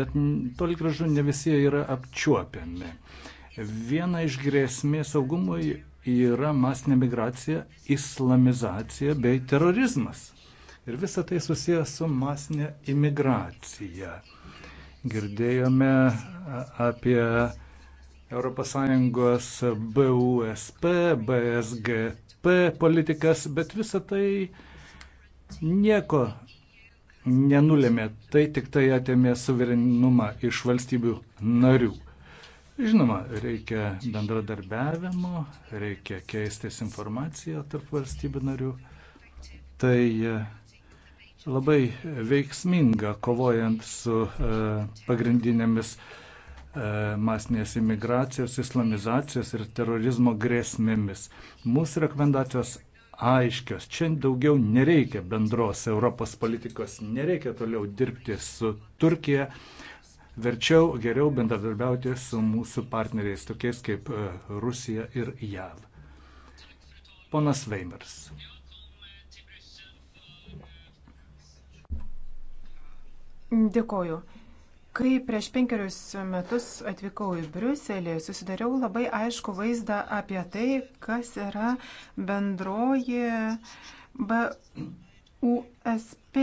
bet toli gražu ne visi yra apčiuopiami. Viena iš grėsmė saugumui yra masinė migracija, islamizacija bei terorizmas. Ir visa tai susijęs su masinė imigracija. Girdėjome apie ES BUSP, BSGP politikas, bet visa tai nieko nenulėmė, tai tik tai atėmė suverenumą iš valstybių narių. Žinoma, reikia bendradarbiavimo, reikia keistis informaciją tarp valstybių narių. Tai e, labai veiksminga kovojant su e, pagrindinėmis e, masinės imigracijos, islamizacijos ir terorizmo grėsmėmis. Mūsų rekomendacijos aiškios. Čia daugiau nereikia bendros Europos politikos, nereikia toliau dirbti su Turkija, verčiau geriau bendradarbiauti su mūsų partneriais, tokiais kaip e, Rusija ir JAV. Ponas Veimers. Dėkoju. Kai prieš penkerius metus atvykau į Briuselį, susidariau labai aišku vaizdą apie tai, kas yra bendroji BUSP.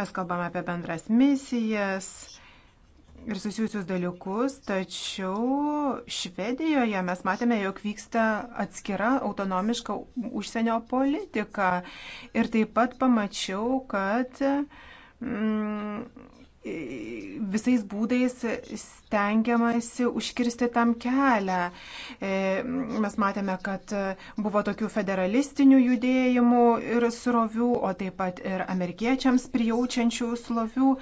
Mes kalbame apie bendras misijas ir susijusius dalykus, tačiau Švedijoje mes matėme, jog vyksta atskira autonomiška užsienio politika. Ir taip pat pamačiau, kad mm, visais būdais stengiamasi užkirsti tam kelią. E, mes matėme, kad buvo tokių federalistinių judėjimų ir srovių, o taip pat ir amerikiečiams prijaučiančių slovių.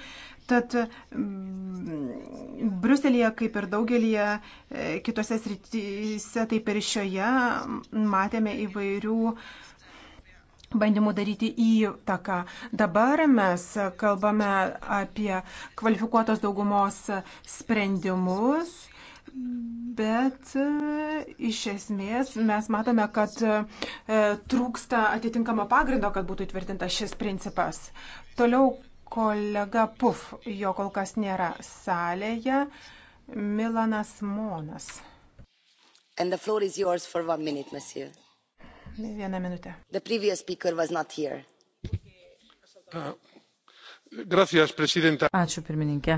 Tad mm, Bruselėje, kaip ir daugelįje e, kitose srityse, taip ir šioje matėme įvairių bandymų daryti įtaką. Dabar mes kalbame apie kvalifikuotos daugumos sprendimus, bet e, iš esmės mes matome, kad e, trūksta atitinkamo pagrindo, kad būtų įtvirtintas šis principas. Toliau kolega Puf, jo kol kas nėra salėje, Milanas Monas. And the floor is yours for one minute, monsieur. Vieną minutę. Uh, gracias, prezidenta. Ačiū, pirmininkė.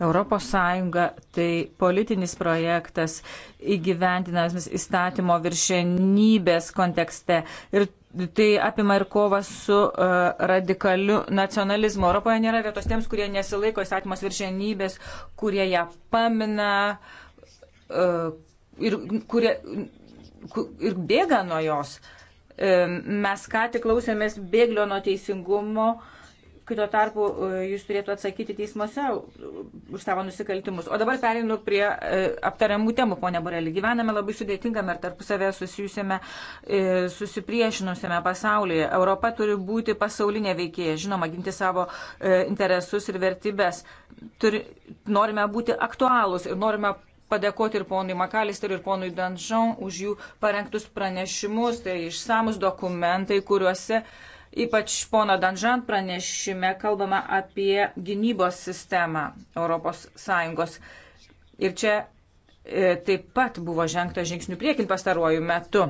Europos Sąjunga tai politinis projektas įgyvendinamas įstatymo viršenybės kontekste. Ir tai apima ir kovą su uh, radikaliu nacionalizmu. Europoje nėra vietos tiems, kurie nesilaiko įstatymos viršenybės, kurie ją pamina uh, ir kurie ir bėga nuo jos. E, mes ką tik klausėmės bėglio nuo teisingumo, kai tuo tarpu e, jūs turėtų atsakyti teismuose už savo nusikaltimus. O dabar perinu prie e, aptariamų temų, ponia Borelį. Gyvename labai sudėtingame ir tarpusavėje susijusiame, susipriešinusiame pasaulyje. Europa turi būti pasaulinė veikėja, žinoma, ginti savo interesus ir vertybės. Turi, norime būti aktualūs ir norime padėkoti ir ponui Makalister ir ponui Danžon už jų parengtus pranešimus, tai išsamus dokumentai, kuriuose ypač pono Danžan pranešime kalbama apie gynybos sistemą ES. Ir čia e, taip pat buvo žengta žingsnių priekin pastaruoju metu.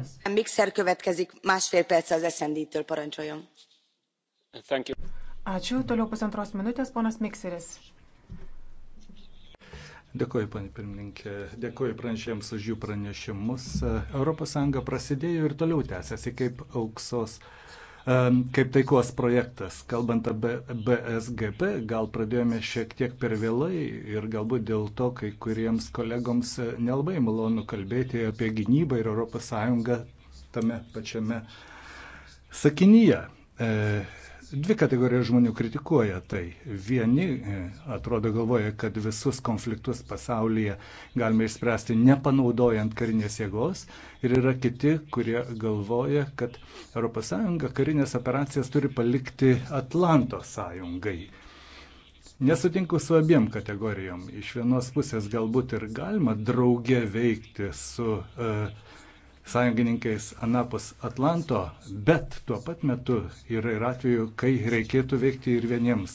Ačiū. Toliau pusantros minutės, ponas Mikseris. Dėkuoju, panė pirmininkė, dėkuoju pranešėjams už jų pranešimus. ES prasidėjo ir toliau tęsiasi kaip auksos, kaip taikos projektas. Kalbant apie BSGP, gal pradėjome šiek tiek per vėlai ir galbūt dėl to kai kuriems kolegoms e, nelabai malonu kalbėti apie gynybą ir ES tame pačiame sakinyje. E, Dvi kategorijos žmonių kritikuoja tai. Vieni e, atrodo galvoja, kad visus konfliktus pasaulyje galime išspręsti nepanaudojant karinės jėgos. Ir yra kiti, kurie galvoja, kad ES karinės operacijas turi palikti Atlanto sąjungai. Nesutinku su abiem kategorijom. Iš vienos pusės galbūt ir galima drauge veikti su uh, sąjungininkais anapus Atlanto, bet tuo pat metu yra ir atveju, kai reikėtų veikti ir vieniems.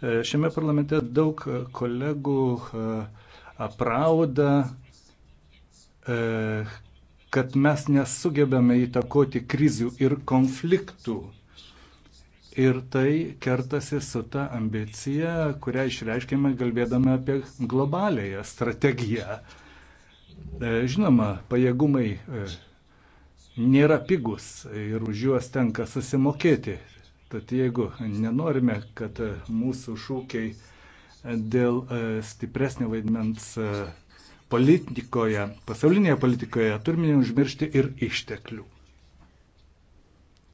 E, šiame parlamente daug kolegų e, aprauda, e, kad mes nesugebame įtakoti krizių ir konfliktų. Ir tai kertasi su ta ambicija, kurią išreiškėme kalbėdami apie globalėją strategiją. E, žinoma, pajėgumai e, nėra pigus ir už juos tenka susimokėti. Tad jeigu nenorime, kad e, mūsų šūkiai dėl stipresnio vaidmens politikoje, pasaulinėje politikoje, turime neužmiršti ir išteklių.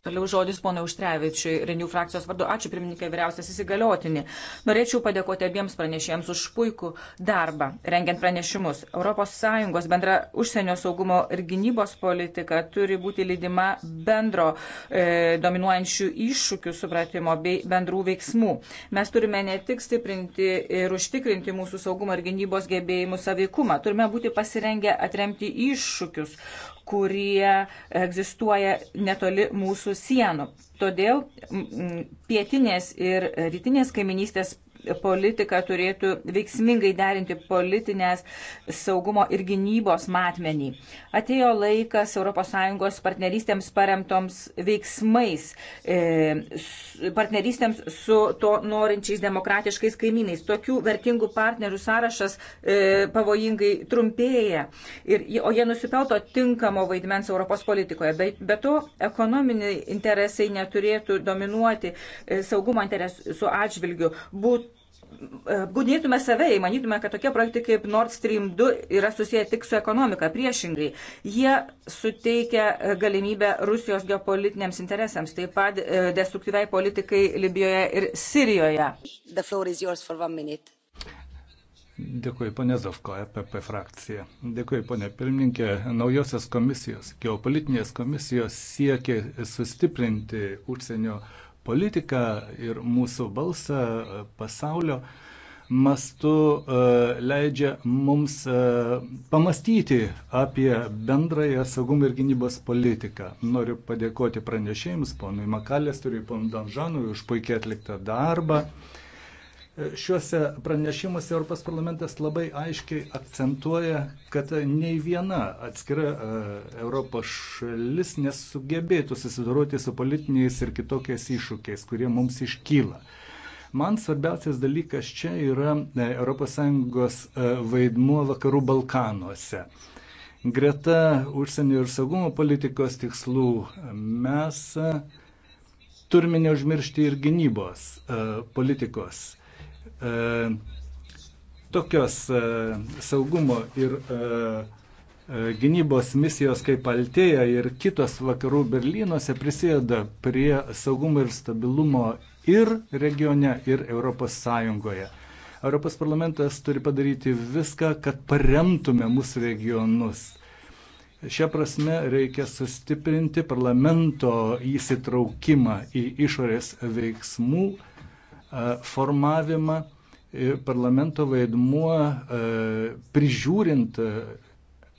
Toliau žodis pono Užtrevičiui, Renių frakcijos vardu. Ačiū, pirmininkai, vyriausias įsigaliotinį. Norėčiau padėkoti abiems pranešėjams už puikų darbą, rengiant pranešimus. ES bendra užsienio saugumo ir gynybos politika turi būti lydima bendro e, dominuojančių iššūkių supratimo bei bendrų veiksmų. Mes turime ne tik stiprinti ir užtikrinti mūsų saugumo ir gynybos gebėjimų saveikumą, turime būti pasirengę atremti iššūkius, kurie egzistuoja netoli mūsų sienų. Todėl pietinės ir rytinės kaiminystės politika turėtų veiksmingai derinti politinės saugumo ir gynybos matmenį. Atėjo laikas ES partnerystėms paremtoms veiksmais, e, partnerystėms su to norinčiais demokratiškais kaimynais. Tokių vertingų partnerių sąrašas e, pavojingai trumpėja, ir, o jie nusipelto tinkamo vaidmens Europos politikoje. Be, be to, ekonominiai interesai neturėtų dominuoti e, saugumo interesų atžvilgių. Būtų apgudinėtume e, save, jei manytume, kad tokie projektai kaip Nord Stream 2 yra susiję tik su ekonomika. Priešingai, jie suteikia galimybę Rusijos geopolitiniams interesams, taip pat e, destruktyviai politikai Libijoje ir Sirijoje. Dėkui, ponė Zavko, EPP frakcija. Dėkui, ponė pirmininkė. Naujosios komisijos, geopolitinės komisijos siekia sustiprinti užsienio uh, politiką ir mūsų balsą e, pasaulio mastu e, leidžia mums e, pamastyti apie bendrąją saugumo ir gynybos politiką. Noriu padėkoti pranešėjams, ponui Makalės, turiu ponui Danžanui už puikiai atliktą darbą. Šiuose pranešimuose Europos parlamentas labai aiškiai akcentuoja, kad nei viena atskira e, Europos šalis nesugebėtų susidoroti su politiniais ir kitokiais iššūkiais, kurie mums iškyla. Man svarbiausias dalykas čia yra ES e, vaidmuo vakarų Balkanuose. Greta užsienio ir saugumo politikos tikslų e, mes turime neužmiršti ir gynybos politikos E, tokios e, saugumo ir e, gynybos misijos kaip Altėja ir kitos vakarų Berlynuose prisėda prie saugumo ir stabilumo ir regione, ir Europos Sąjungoje. Europos parlamentas turi padaryti viską, kad paremtume mūsų regionus. Šią prasme reikia sustiprinti parlamento įsitraukimą į išorės veiksmų formavimą, e, parlamento vaidmuo e, prižiūrint e,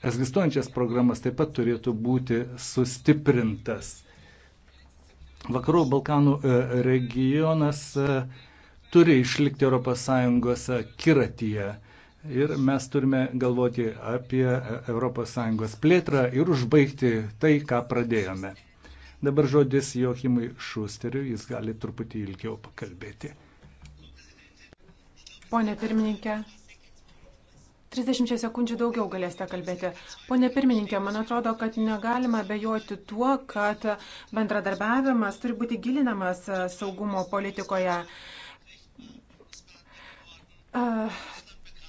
egzistuojančias programas taip pat turėtų būti sustiprintas. Vakarų Balkanų regionas turi išlikti ES kiratyje ir mes turime galvoti apie ES plėtrą ir užbaigti tai, ką pradėjome. Dabar žodis Jochimui Šusteriu, jis gali truputį ilgiau pakalbėti. Pone pirmininkė, 30 sekundžių daugiau galėsite kalbėti. Pone pirmininkė, man atrodo, kad negalima bejoti tuo, kad bendradarbiavimas turi būti gilinamas e, saugumo politikoje. E,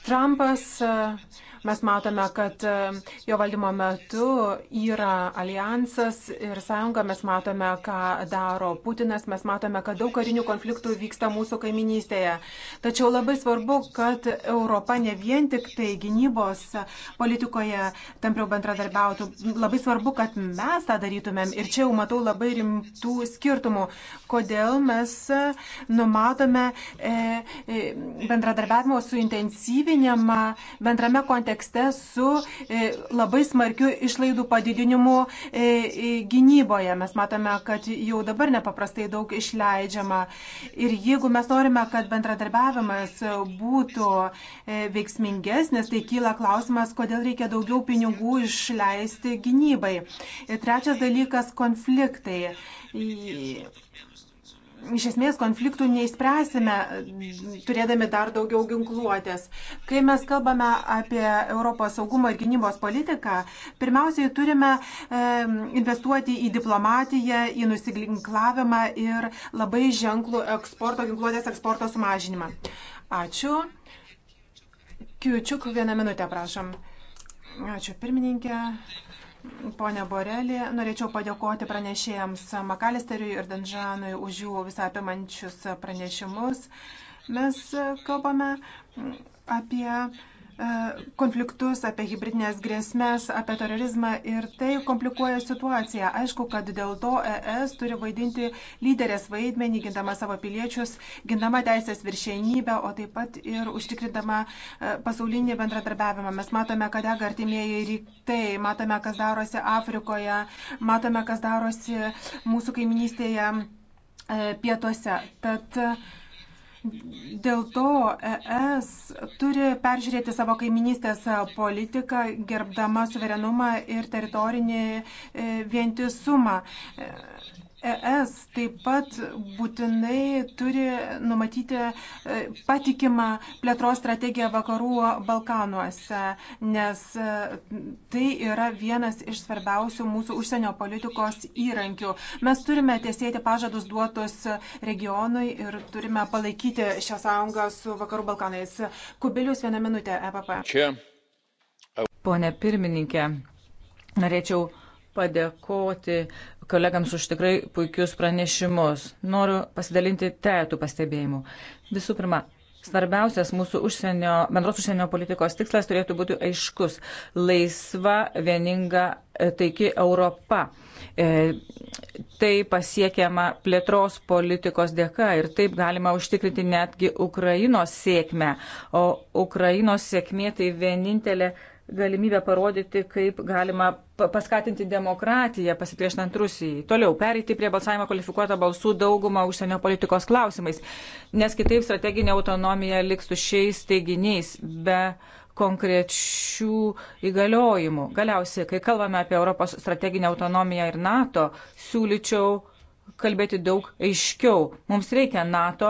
Trumpas uh, Mes matome, kad e, jo valdymo metu yra alijansas ir sąjunga, mes matome, ką daro Putinas, mes matome, kad daug karinių konfliktų vyksta mūsų kaiminystėje. Tačiau labai svarbu, kad Europa ne vien tik tai gynybos politikoje tampriau bendradarbiautų. Labai svarbu, kad mes tą darytumėm. Ir čia jau matau labai rimtų skirtumų, kodėl mes numatome e, e, bendradarbiavimo suintensyvinimą bendrame kontekste kontekste su e, labai smarkiu išlaidų padidinimu e, e, gynyboje. Mes matome, kad jau dabar nepaprastai daug išleidžiama. Ir jeigu mes norime, kad bendradarbiavimas būtų veiksmingesnis, tai kyla klausimas, kodėl reikia daugiau pinigų išleisti gynybai. Ir trečias dalykas - konfliktai iš esmės konfliktų neišspręsime, turėdami dar daugiau ginkluotės. Kai mes kalbame apie Europos saugumo ir gynybos politiką, pirmiausiai turime e, investuoti į diplomatiją, į nusiginklavimą ir labai ženklų eksporto, ginkluotės eksporto sumažinimą. Ačiū. Kiučiuk vieną minutę, prašom. Ačiū pirmininkė. Pone Borelį, norėčiau padėkoti pranešėjams Makalisteriui ir Danžanui už jų visą apimančius pranešimus. Mes kalbame apie E, konfliktus, apie hybridinės grėsmės, apie terorizmą ir tai komplikuoja situaciją. Aišku, kad dėl to ES turi vaidinti lyderės vaidmenį, gindama savo piliečius, gindama teisės viršienybę, o taip pat ir užtikrindama e, pasaulinį bendradarbiavimą. Mes matome, kad dega artimieji rytai, matome, kas darosi Afrikoje, matome, kas darosi mūsų kaiminystėje e, pietuose. Tad, Dėl to ES turi peržiūrėti savo kaiminystės politiką, gerbdama suverenumą ir teritorinį e, vientisumą. ES taip pat būtinai turi numatyti e, patikimą plėtros strategiją vakarų Balkanuose, nes e, tai yra vienas iš svarbiausių mūsų užsienio politikos įrankių. Mes turime tiesėti pažadus duotus regionui ir turime palaikyti šią sąjungą su vakarų Balkanais. Kubilius vieną minutę, EPP. Čia. Pone pirmininkė, norėčiau padėkoti kolegams už tikrai puikius pranešimus. Noriu pasidalinti trejatų pastebėjimų. Visų pirma, svarbiausias mūsų užsienio, bendros užsienio politikos tikslas turėtų būti aiškus - laisva, vieninga, e, taiki Europa. E, tai pasiekiama plėtros politikos dėka ir taip galima užtikrinti netgi Ukrainos sėkmę. O Ukrainos sėkmė tai vienintelė galimybę parodyti, kaip galima paskatinti demokratiją pasipriešinant Rusijai. Toliau pereiti prie balsavimo kvalifikuotą balsų daugumą užsienio politikos klausimais, nes kitaip strateginė autonomija liks su šiais teiginiais be konkrečių įgaliojimų. Galiausiai, kai kalbame apie Europos strateginę autonomiją ir NATO, siūlyčiau kalbėti daug aiškiau. Mums reikia NATO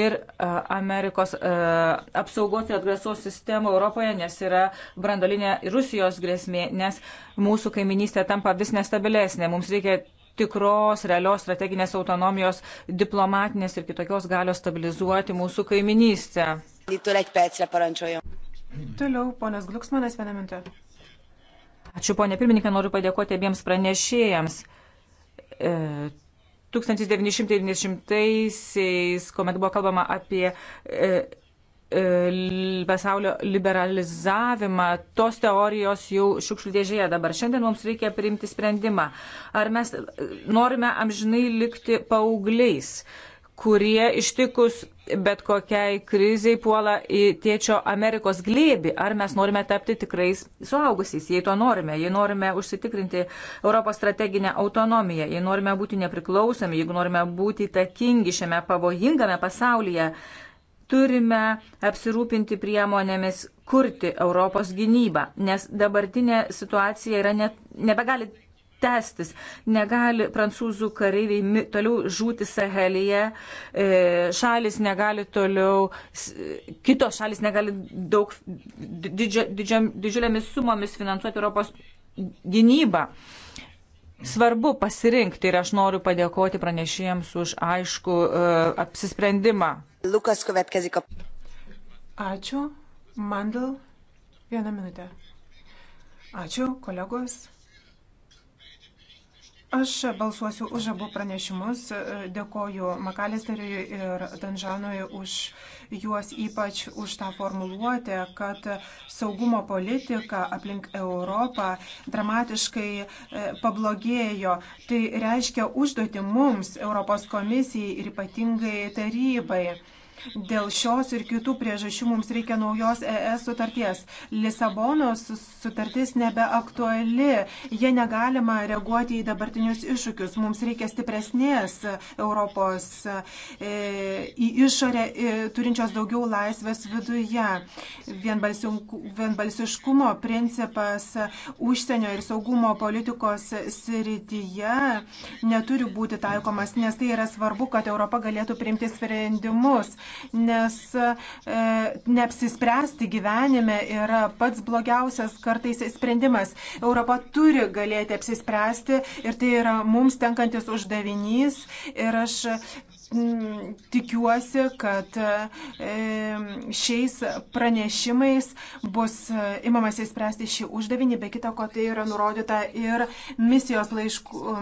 ir uh, Amerikos uh, apsaugos ir atgrasos sistemų Europoje, nes yra brandolinė Rusijos grėsmė, nes mūsų kaiminystė tampa vis nestabilesnė. Mums reikia tikros, realios strateginės autonomijos, diplomatinės ir kitokios galios stabilizuoti mūsų kaiminystę. Toliau, ponas Gluksmanas, vieną minutę. Ačiū, ponė pirmininkė, noriu padėkoti abiems pranešėjams. E, 1990-aisiais, kuomet buvo kalbama apie e, e, pasaulio liberalizavimą, tos teorijos jau šiukšlių dėžėje dabar. Šiandien mums reikia priimti sprendimą. Ar mes norime amžinai likti paaugliais? E, kurie ištikus bet kokiai kriziai puola į tėčio Amerikos glėbi. Ar mes norime tapti tikrais suaugusiais, jei to norime, jei norime užsitikrinti Europos strateginę autonomiją, jei norime būti nepriklausomi, jeigu norime būti takingi šiame pavojingame pasaulyje, turime apsirūpinti priemonėmis kurti Europos gynybą, nes dabartinė situacija yra net, nebegali tęstis. Negali prancūzų kareiviai toliau žūti Sahelyje, e, šalis negali toliau, kitos šalis negali daug didžio, didžio, didžiulėmis sumomis finansuoti Europos gynybą. Svarbu pasirinkti ir aš noriu padėkoti pranešėjams už aišku uh, apsisprendimą. Lukas Kuvetkaziko. Ačiū. Mandl. Vieną minutę. Ačiū, kolegos. Aš balsuosiu už abu pranešimus. Dėkoju Makalisteriui ir Danžanui už juos, ypač už tą formuluotę, kad saugumo politika aplink Europą dramatiškai e, pablogėjo. Tai reiškia užduoti mums, Europos komisijai ir ypatingai tarybai. Dėl šios ir kitų priežasčių mums reikia naujos ES sutarties. Lisabonos sutartis nebeaktuali, jie negalima reaguoti į dabartinius iššūkius. Mums reikia stipresnės Europos e, į išorę e, turinčios daugiau laisvės viduje. Vienbalsiškumo principas užsienio ir saugumo politikos srityje neturi būti taikomas, nes tai yra svarbu, kad Europa galėtų priimti sprendimus nes e, neapsispręsti gyvenime yra pats blogiausias kartais sprendimas. Europa turi galėti apsispręsti ir tai yra mums tenkantis uždavinys ir aš Mm, tikiuosi, kad e, šiais pranešimais bus e, imamas įspręsti šį uždavinį, be kita ko tai yra nurodyta ir misijos laiškų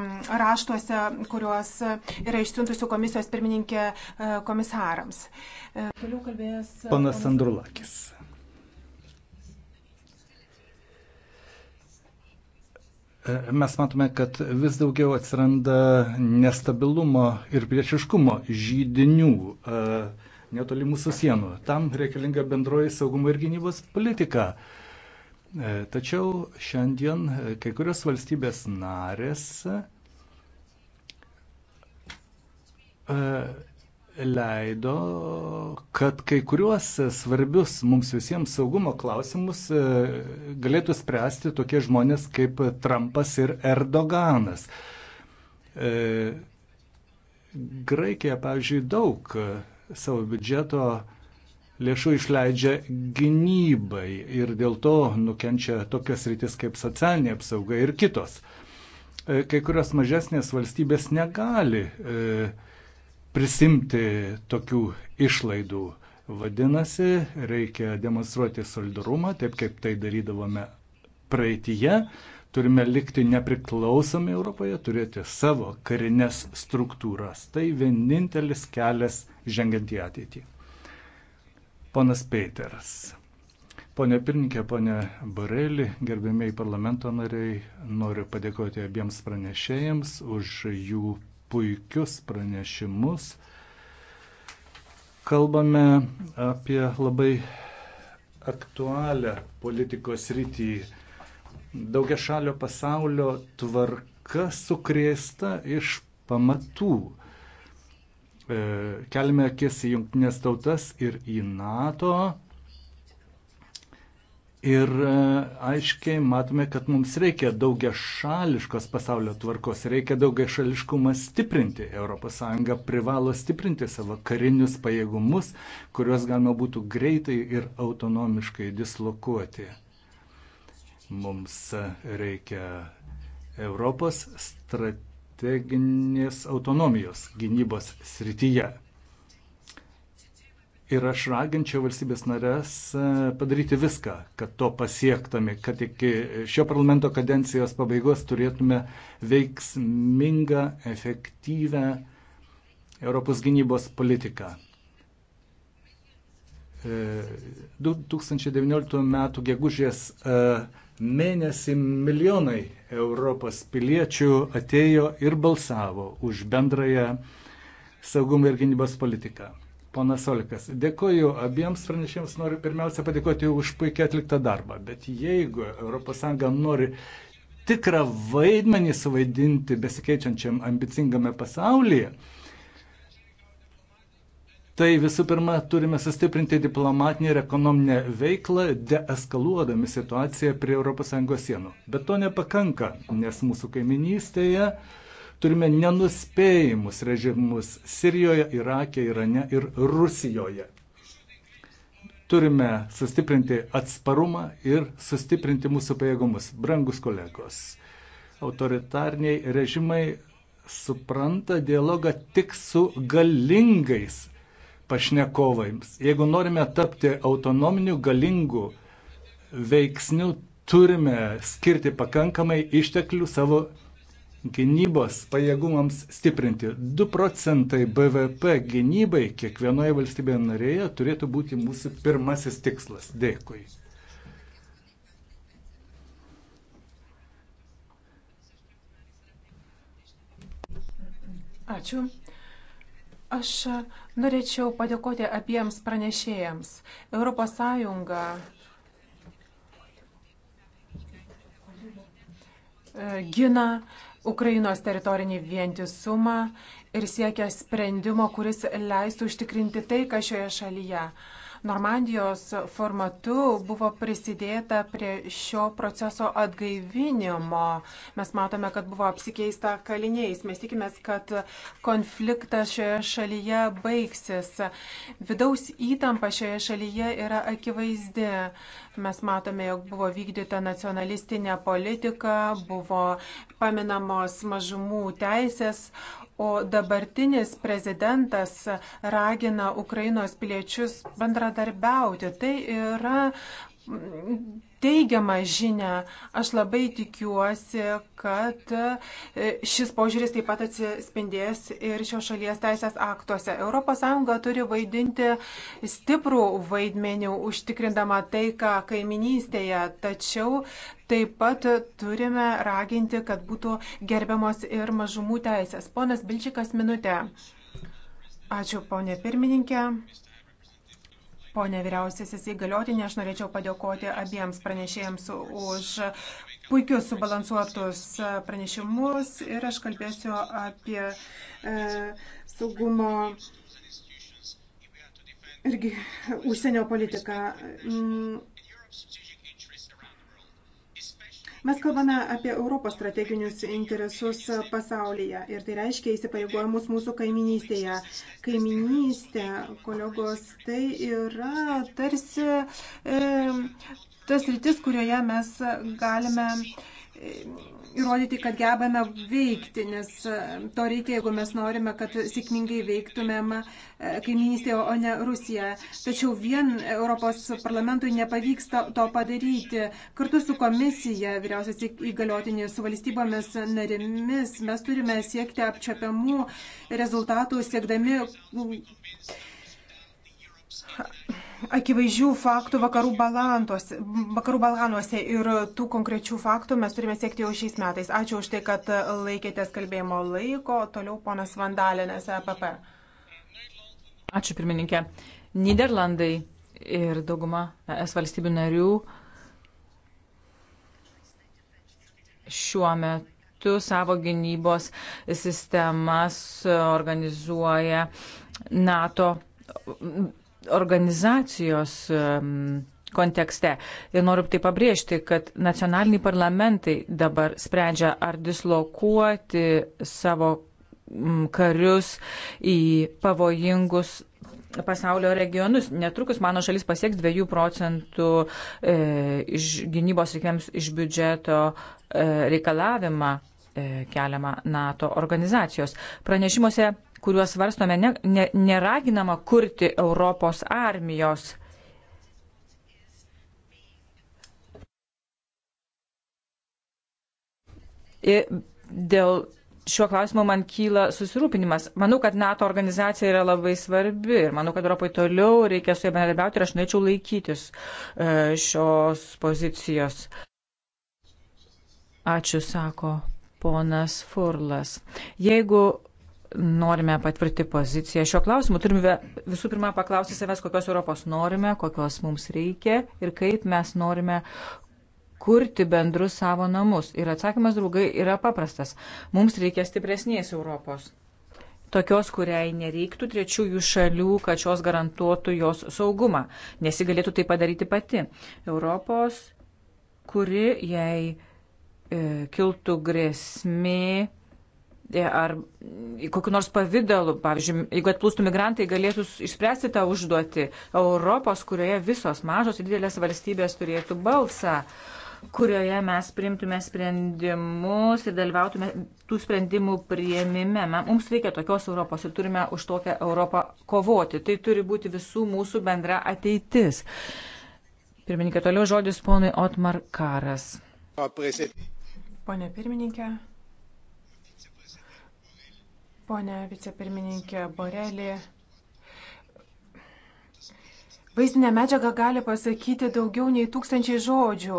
raštuose, kuriuos yra išsiuntusių komisijos pirmininkė e, komisarams. Panas Andrulakis. mes matome, kad vis daugiau atsiranda nestabilumo ir priešiškumo žydinių e, netoli mūsų sienų. Tam reikalinga bendroji saugumo ir gynybos politika. E, tačiau šiandien e, kai kurios valstybės narės leido, kad kai kuriuos svarbius mums visiems saugumo klausimus e, galėtų spręsti tokie žmonės kaip Trumpas ir Erdoganas. E, Graikija, pavyzdžiui, daug savo biudžeto lėšų išleidžia gynybai ir dėl to nukenčia tokios rytis kaip socialinė apsauga ir kitos. E, kai kurios mažesnės valstybės negali e, prisimti tokių išlaidų. Vadinasi, reikia demonstruoti solidarumą, taip kaip tai darydavome praeitįje. Turime likti nepriklausomi Europoje, turėti savo karinės struktūras. Tai vienintelis kelias žengiant į ateitį. Ponas Peteras. Pone pirmininkė, pone Barelį, gerbėmiai parlamento nariai, noriu padėkoti abiems pranešėjams už jų puikius pranešimus. Kalbame apie labai aktualią politikos rytį. Daugia šalio pasaulio tvarka sukrėsta iš pamatų e, keliame akis į jungtinės tautas ir į NATO, Ir e, aiškiai matome, kad mums reikia daugia šališkos pasaulio tvarkos, reikia daugia šališkumą stiprinti. ES privalo stiprinti savo karinius pajėgumus, kuriuos galima būtų greitai ir autonomiškai dislokuoti. Mums e, reikia Europos strateginės autonomijos gynybos srityje. Ir aš raginčiau valstybės narės e, padaryti viską, kad to pasiektami, kad iki šio parlamento kadencijos pabaigos turėtume veiksmingą, efektyvę Europos gynybos politiką. 2019 e, m. gegužės e, mėnesį milijonai Europos piliečių atėjo ir balsavo už bendrąją saugumo ir gynybos politiką. Ponas Olkas, dėkoju abiems pranešėjams, noriu pirmiausia padėkoti už puikiai atliktą darbą, bet jeigu ES nori tikrą vaidmenį suvaidinti besikeičiančiam ambicingame pasaulyje, tai visų pirma turime sustiprinti diplomatinę ir ekonominę veiklą, deeskaluodami situaciją prie ES sienų. Bet to nepakanka, nes mūsų kaiminystėje uh, Turime nenuspėjimus režimus Sirijoje, Irake, Irane ir Rusijoje. Turime sustiprinti atsparumą ir sustiprinti mūsų pajėgumus. Brangus kolegos, autoritarniai režimai supranta dialogą tik su galingais pašnekovams. Jeigu norime tapti autonominiu, galingu veiksniu, turime skirti pakankamai išteklių savo gynybos pajėgumams stiprinti. 2 procentai BVP gynybai kiekvienoje valstybėje narėje turėtų būti mūsų pirmasis tikslas. Dėkui. Ačiū. Aš norėčiau padėkoti abiems pranešėjams. Europos Sąjunga e, gina Ukrainos teritorinį vientisumą ir siekia sprendimo, kuris leistų užtikrinti taiką šioje šalyje. Normandijos formatu buvo prisidėta prie šio proceso atgaivinimo. Mes matome, kad buvo apsikeista kaliniais. Mes tikimės, kad konfliktas šioje šalyje baigsis. Vidaus įtampa šioje šalyje yra akivaizdi. Mes matome, jog buvo vykdyta nacionalistinė politika, buvo paminamos mažumų teisės, O dabartinis prezidentas ragina Ukrainos piliečius bendradarbiauti. Tai yra teigiamą žinę. Aš labai tikiuosi, kad e, šis požiūris taip pat atsispindės ir šios šalies teisės aktuose. ES turi vaidinti stiprų vaidmenį, užtikrindama taiką kaiminystėje, tačiau taip pat turime raginti, kad būtų gerbiamos ir mažumų teisės. Ponas Bilčikas, minutė. Ačiū, ponė pirmininkė. Pone vyriausiasis įgaliotinė, aš norėčiau padėkoti abiems pranešėjams už puikius subalansuotus pranešimus ir aš kalbėsiu apie e, saugumo irgi užsienio politiką. Mm, Mes kalbame apie Europos strateginius interesus pasaulyje ir tai reiškia įsipareigojimus mūsų kaiminystėje. Kaiminystė, kolegos, tai yra tarsi e, tas rytis, kurioje mes galime. E, įrodyti, kad gebame veikti, nes e, to reikia, jeigu mes norime, kad sėkmingai veiktumėm e, kaiminystėje, o ne Rusijoje. Tačiau vien Europos parlamentui nepavyksta to padaryti. Kartu su komisija, vyriausias įgaliotinė, su valstybomis narėmis mes turime siekti apčiapiamų rezultatų, siekdami akivaizdžių faktų vakarų, vakarų Balkanuose ir tų konkrečių faktų mes turime siekti jau šiais metais. Ačiū už tai, kad laikėtės kalbėjimo laiko. Toliau ponas Vandalinės, APP. Ačiū pirmininkė. Niderlandai ir dauguma es valstybių narių šiuo metu savo gynybos sistemas organizuoja NATO organizacijos kontekste. Ir noriu tai pabrėžti, kad nacionaliniai parlamentai dabar sprendžia ar dislokuoti savo karius į pavojingus pasaulio regionus. Netrukus mano šalis pasieks 2 procentų e, iš gynybos reikėms iš biudžeto e, reikalavimą e, keliamą NATO organizacijos. Pranešimuose kuriuos varstome, ne, ne, neraginama kurti Europos armijos. Ir dėl šiuo klausimu man kyla susirūpinimas. Manau, kad NATO organizacija yra labai svarbi ir manau, kad Europai toliau reikia su ja bendradarbiauti ir aš norėčiau laikytis e, šios pozicijos. Ačiū, sako ponas Furlas. Jeigu norime patvirti poziciją šio klausimu, turime visų pirma paklausti savęs, kokios Europos norime, kokios mums reikia ir kaip mes norime kurti bendrus savo namus. Ir atsakymas, draugai, yra paprastas. Mums reikia stipresnės Europos. Tokios, kuriai nereiktų trečiųjų šalių, kad šios garantuotų jos saugumą, nes ji galėtų tai padaryti pati. Europos, kuri jai e, kiltų grėsmė ar kokiu nors pavydalu, pavyzdžiui, jeigu atplūstų migrantai, galėtų išspręsti tą užduotį Europos, kurioje visos mažos ir didelės valstybės turėtų balsą, kurioje mes priimtume sprendimus ir dalyvautume tų sprendimų prieimime. Mums reikia tokios Europos ir turime už tokią Europą kovoti. Tai turi būti visų mūsų bendra ateitis. Pirmininkė, toliau žodis ponui Otmar Karas. Pone pirmininkė, Pone vicepirmininkė Borelė, vaizdinė medžiaga gali pasakyti daugiau nei tūkstančiai žodžių,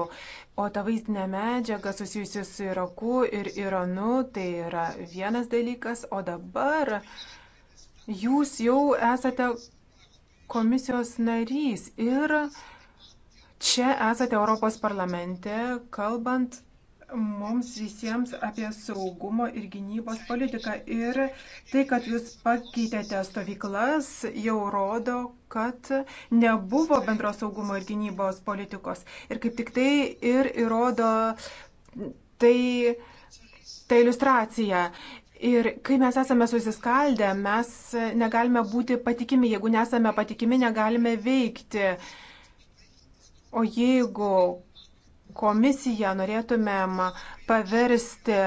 o ta vaizdinė medžiaga susijusi su Iraku ir Iranu tai yra vienas dalykas, o dabar jūs jau esate komisijos narys ir čia esate Europos parlamente, kalbant mums visiems apie saugumo ir gynybos politiką. Ir tai, kad jūs pakeitėte stovyklas, jau rodo, kad nebuvo bendros saugumo ir gynybos politikos. Ir kaip tik tai ir įrodo tai, tai iliustracija. Ir kai mes esame susiskaldę, mes negalime būti patikimi. Jeigu nesame patikimi, negalime veikti. O jeigu komisiją norėtumėm paversti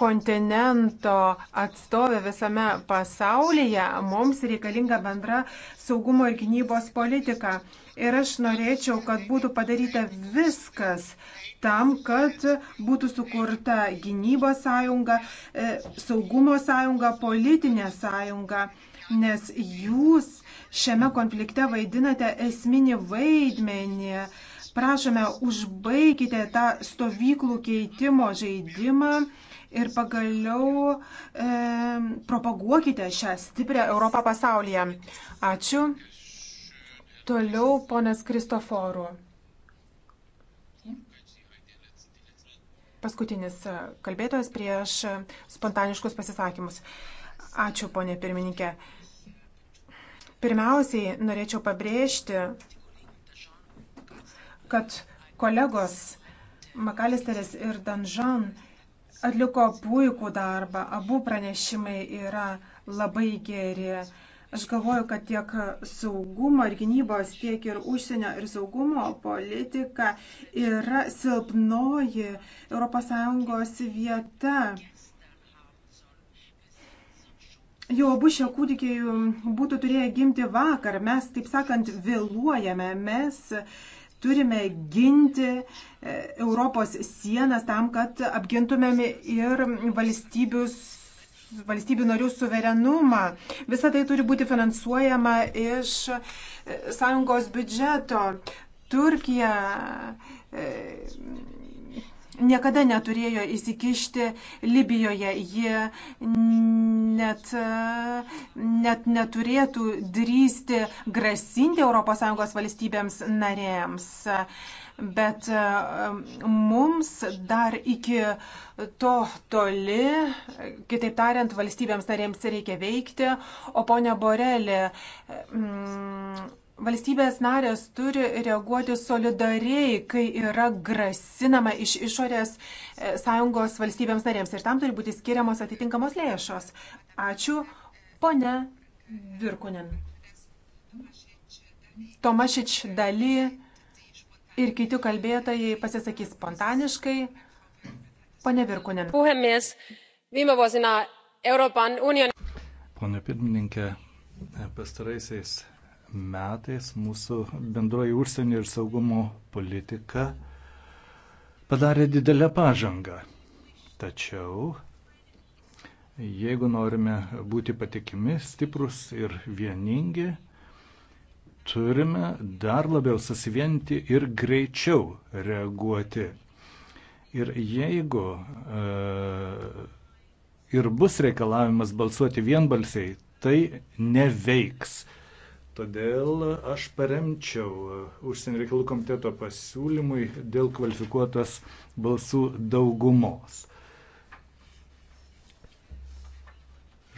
kontinento atstovė visame pasaulyje, mums reikalinga bendra saugumo ir gynybos politika. Ir aš norėčiau, kad būtų padaryta viskas tam, kad būtų sukurta gynybos sąjunga, e, saugumo sąjunga, politinė sąjunga, nes jūs šiame konflikte vaidinate esminį vaidmenį Prašome, užbaikite tą stovyklų keitimo žaidimą ir pagaliau e, propaguokite šią stiprią Europą pasaulyje. Ačiū. Toliau ponas Kristoforų. Paskutinis kalbėtojas prieš spontaniškus pasisakymus. Ačiū, ponė pirmininkė. Pirmiausiai norėčiau pabrėžti, kad kolegos Makalisteris ir Danžan atliko puikų darbą. Abu pranešimai yra labai geri. Aš galvoju, kad tiek saugumo ir gynybos, tiek ir užsienio ir saugumo politika yra silpnoji ES vieta. Jau abu šie kūdikiai būtų turėję gimti vakar. Mes, taip sakant, vėluojame. Mes Turime ginti e, Europos sienas tam, kad apgintumėme ir valstybius valstybių narių suverenumą. Visą tai turi būti finansuojama iš e, sąjungos biudžeto. Turkija e, niekada neturėjo įsikišti Libijoje. Jie net, net neturėtų drysti grasinti ES valstybėms narėms. Bet um, mums dar iki to toli, kitaip tariant, valstybėms narėms reikia veikti, o ponia Borelė. Mm, Valstybės narės turi reaguoti solidariai, kai yra grasinama iš išorės e, sąjungos valstybėms narėms. Ir tam turi būti skiriamos atitinkamos lėšos. Ačiū, ponė Virkunin. Tomašič Dali ir kiti kalbėtojai pasisakys spontaniškai. Pane Virkunin. Puhemies, viime vuosina Euroopan unionin. Pone pirmininkė, pastaraisiais metais mūsų bendroji užsienio ir saugumo politika padarė didelę pažangą. Tačiau, jeigu norime būti patikimi, stiprus ir vieningi, turime dar labiau susivienyti ir greičiau reaguoti. Ir jeigu e, ir bus reikalavimas balsuoti vienbalsiai, tai neveiks. Todėl aš paremčiau uh, užsienio reikalų komiteto pasiūlymui dėl kvalifikuotos balsų daugumos.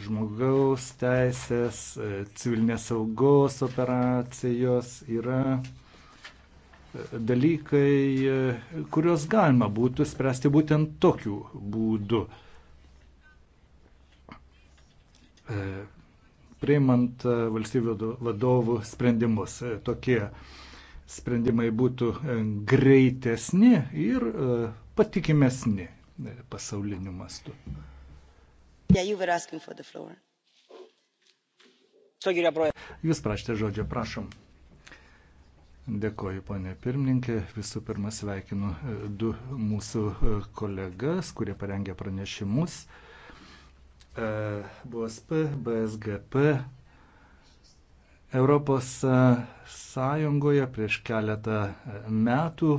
Žmogaus teisės, uh, civilinės saugos operacijos yra uh, dalykai, kuriuos galima būtų spręsti būtent tokiu būdu priimant e, valstybių vadovų sprendimus. E, tokie sprendimai būtų e, greitesni ir patikimesni pasauliniu mastu. Jūs prašėte žodžio, prašom. Dėkoju, ponė pirmininkė. Visų pirma, sveikinu du mūsų kolegas, kurie parengė pranešimus. Uh, E, BOSP, BSGP. Europos e, Sąjungoje prieš keletą e, metų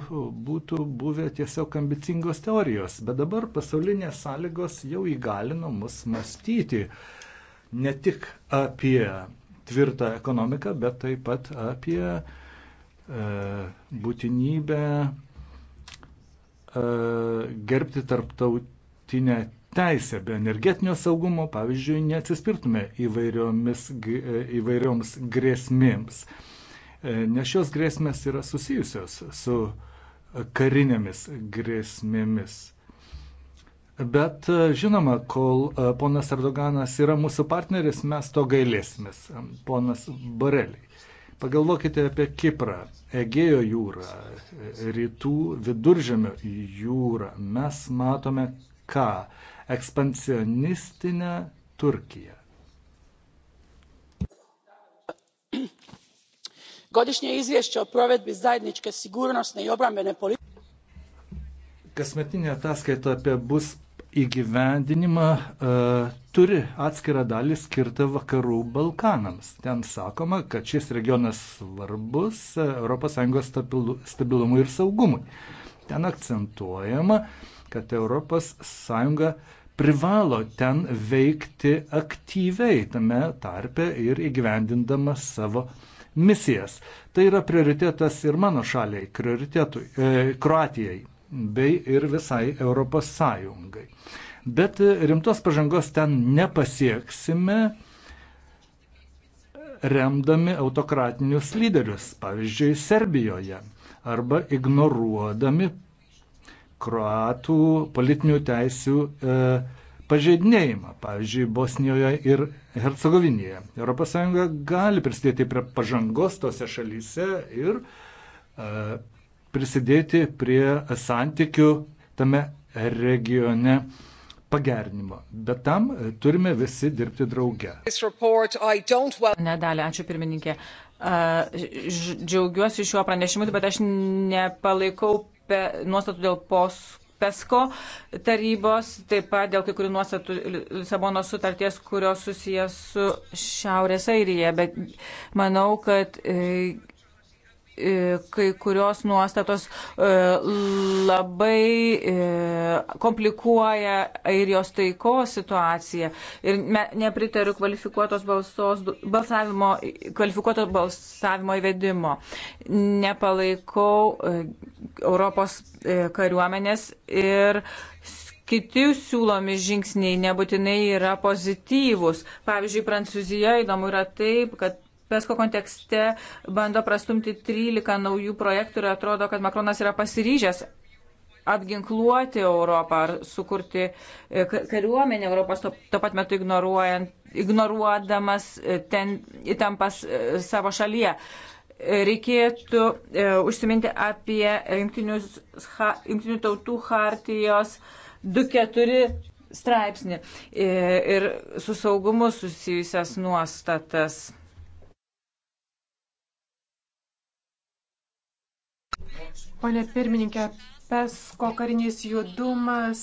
būtų buvę tiesiog ambicingos teorijos, bet dabar pasaulinės sąlygos jau įgalino mus mąstyti ne tik apie tvirtą ekonomiką, bet taip pat apie e, būtinybę e, gerbti tarptautinę teisę, be energetinio saugumo, pavyzdžiui, neatsispirtume e, įvairioms grėsmėms, e, nes šios grėsmės yra susijusios su karinėmis grėsmėmis. Bet e, žinoma, kol ponas Erdoganas yra mūsų partneris, mes to gailėsimės, ponas Boreliai. Pagalvokite apie Kiprą, Egėjo jūrą, rytų viduržemio jūrą. Mes matome, ką ekspansionistinę Turkiją. Godišnje izvješće o provedbi zajedničke sigurnosne i obrambene politike. Kasmetinė ataskaita apie bus įgyvendinimą uh, turi atskirą dalį skirtą vakarų Balkanams. Ten sakoma, kad šis regionas svarbus ES stabilumui ir saugumui. Ten akcentuojama, uh, kad ES privalo ten veikti aktyviai tame tarpe ir įgyvendindama savo misijas. Tai yra prioritetas ir mano šaliai, e, Kroatijai bei ir visai Europos Sąjungai. Bet rimtos pažangos ten nepasieksime remdami autokratinius lyderius, pavyzdžiui, Serbijoje, arba ignoruodami kroatų politinių teisių e, pažeidinėjimą, pavyzdžiui, Bosnijoje ir Hercegovinėje. ES gali prisidėti prie pažangos tose šalyse ir e, prisidėti prie santykių tame regione pagernimo. Bet tam e, turime visi dirbti drauge. Nedalė, ačiū pirmininkė. Džiaugiuosi šiuo pranešimu, bet aš nepalaikau pe, nuostatų dėl pos, PESCO tarybos, taip pat dėl kai kurių nuostatų Lisabonos sutarties, kurios susijęs su Šiaurės Airija. Bet manau, kad e, E, kai kurios nuostatos e, labai e, komplikuoja airijos taikos situaciją. Ir nepritariu kvalifikuotos balsos, balsavimo, kvalifikuoto balsavimo įvedimo. Nepalaikau Europos kariuomenės ir kiti siūlomi žingsniai nebūtinai yra pozityvūs. Pavyzdžiui, Prancūzija įdomu yra taip, kad PESCO kontekste bando prastumti 13 naujų projektų ir atrodo, kad Makronas yra pasiryžęs apginkluoti Europą ar sukurti e, kariuomenę Europos, to, to pat metu ignoruodamas e, ten įtampas e, savo šalyje. Reikėtų e, užsiminti apie Junktinių tautų hartijos 24 straipsnį ir su saugumu susijusias nuostatas. Pane pirmininkė, PESCO kariniais judumas,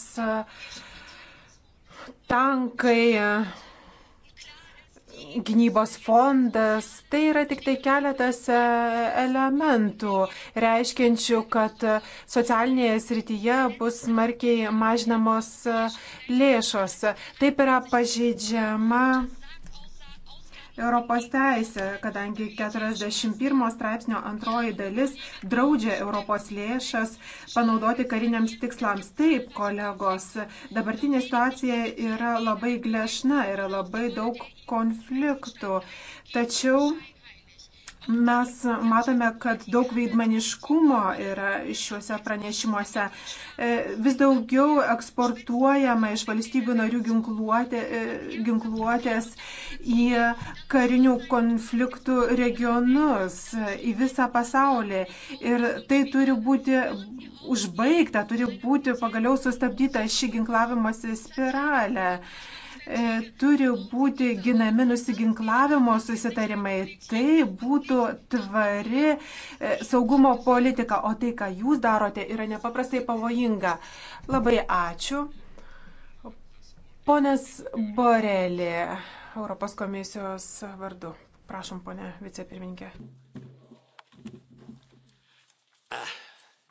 tankai, gynybos fondas, tai yra tik tai keletas e, elementų, reiškiančių, kad socialinėje srityje bus smarkiai mažinamos e, lėšos. Taip yra pažeidžiama Europos teisę, kadangi 41 straipsnio antroji dalis draudžia Europos lėšas panaudoti kariniams tikslams. Taip, kolegos, dabartinė situacija yra labai glešna, yra labai daug konfliktų. Tačiau Mes matome, kad daug veidmaniškumo yra šiuose pranešimuose. E, vis daugiau eksportuojama iš valstybių narių ginkluotė, e, ginkluotės į karinių konfliktų regionus, į visą pasaulį. Ir tai turi būti užbaigta, turi būti pagaliau sustabdyta ši ginklavimosi spiralė. E, turi būti ginami nusiginklavimo susitarimai. Tai būtų tvari e, saugumo politika, o tai, ką jūs darote, yra nepaprastai pavojinga. Labai ačiū. Ponas Borelė, Europos komisijos vardu. Prašom, ponė vicepirmininkė.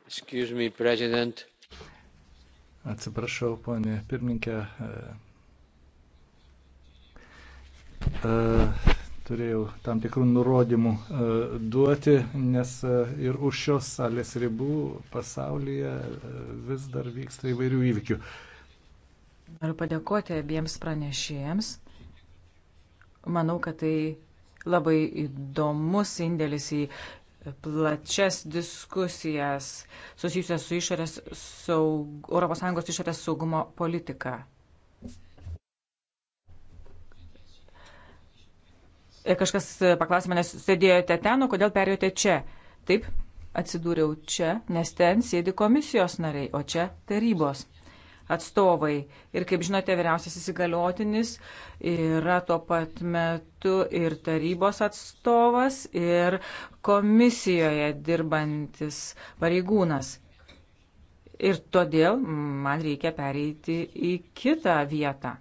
Excuse me, President. Atsiprašau, ponė pirmininkė, E, turėjau tam tikrų nurodymų e, duoti, nes e, ir už šios salės ribų pasaulyje vis dar vyksta įvairių įvykių. Noriu padėkoti abiems pranešėjams. Manau, kad tai labai įdomus indėlis į plačias diskusijas susijusias su išorės saug... ES išorės saugumo politika. E, kažkas e, paklausė manęs, sėdėjote ten, o kodėl perėjote čia? Taip, atsidūriau čia, nes ten sėdi komisijos nariai, o čia tarybos atstovai. Ir kaip žinote, vyriausias įsigaliotinis yra tuo pat metu ir tarybos atstovas, ir komisijoje dirbantis pareigūnas. Ir todėl man reikia pereiti į kitą vietą.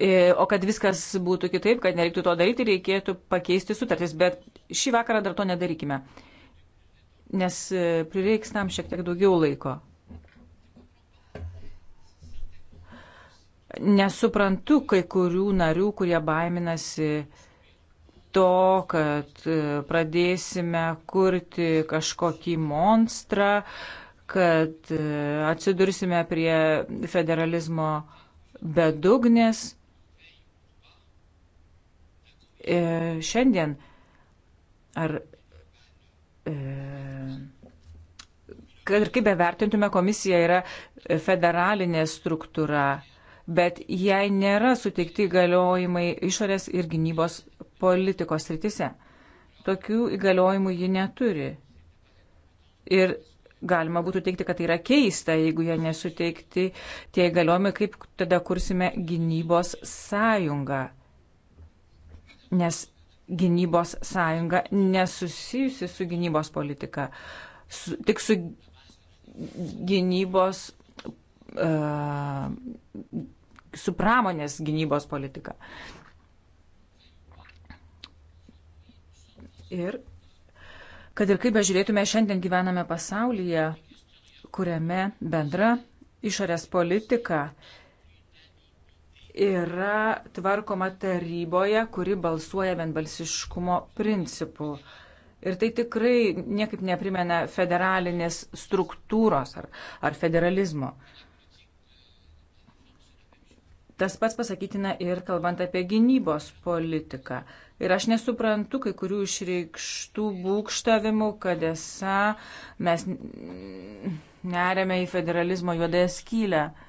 E, o kad viskas būtų kitaip, kad nereiktų to daryti, reikėtų pakeisti sutartis. Bet šį vakarą dar to nedarykime, nes e, prireiks tam šiek tiek daugiau laiko. Nesuprantu kai kurių narių, kurie baiminasi to, kad e, pradėsime kurti kažkokį monstrą, kad atsidursime prie federalizmo bedugnės. E, šiandien. Ar, e, kad ir kaip bevertintume, komisija yra federalinė struktūra, bet jai nėra suteikti įgaliojimai išorės ir gynybos politikos rytise. Tokių įgaliojimų ji neturi. Ir galima būtų teikti, kad tai yra keista, jeigu jie nesuteikti tie įgaliojimai, kaip tada kursime gynybos sąjungą nes gynybos sąjunga nesusijusi su gynybos politika, su, tik su gynybos, uh, su pramonės gynybos politika. Ir kad ir kaip bežiūrėtume, šiandien gyvename pasaulyje, kuriame bendra išorės politika uh, yra tvarkoma taryboje, kuri balsuoja vienbalsiškumo principu. Ir tai tikrai niekaip neprimena federalinės struktūros ar, ar federalizmo. Tas pats pasakytina ir kalbant apie gynybos politiką. Ir aš nesuprantu kai kurių išreikštų būkštavimų, kad esą mes neremia į federalizmo juodąją skylę. Uh,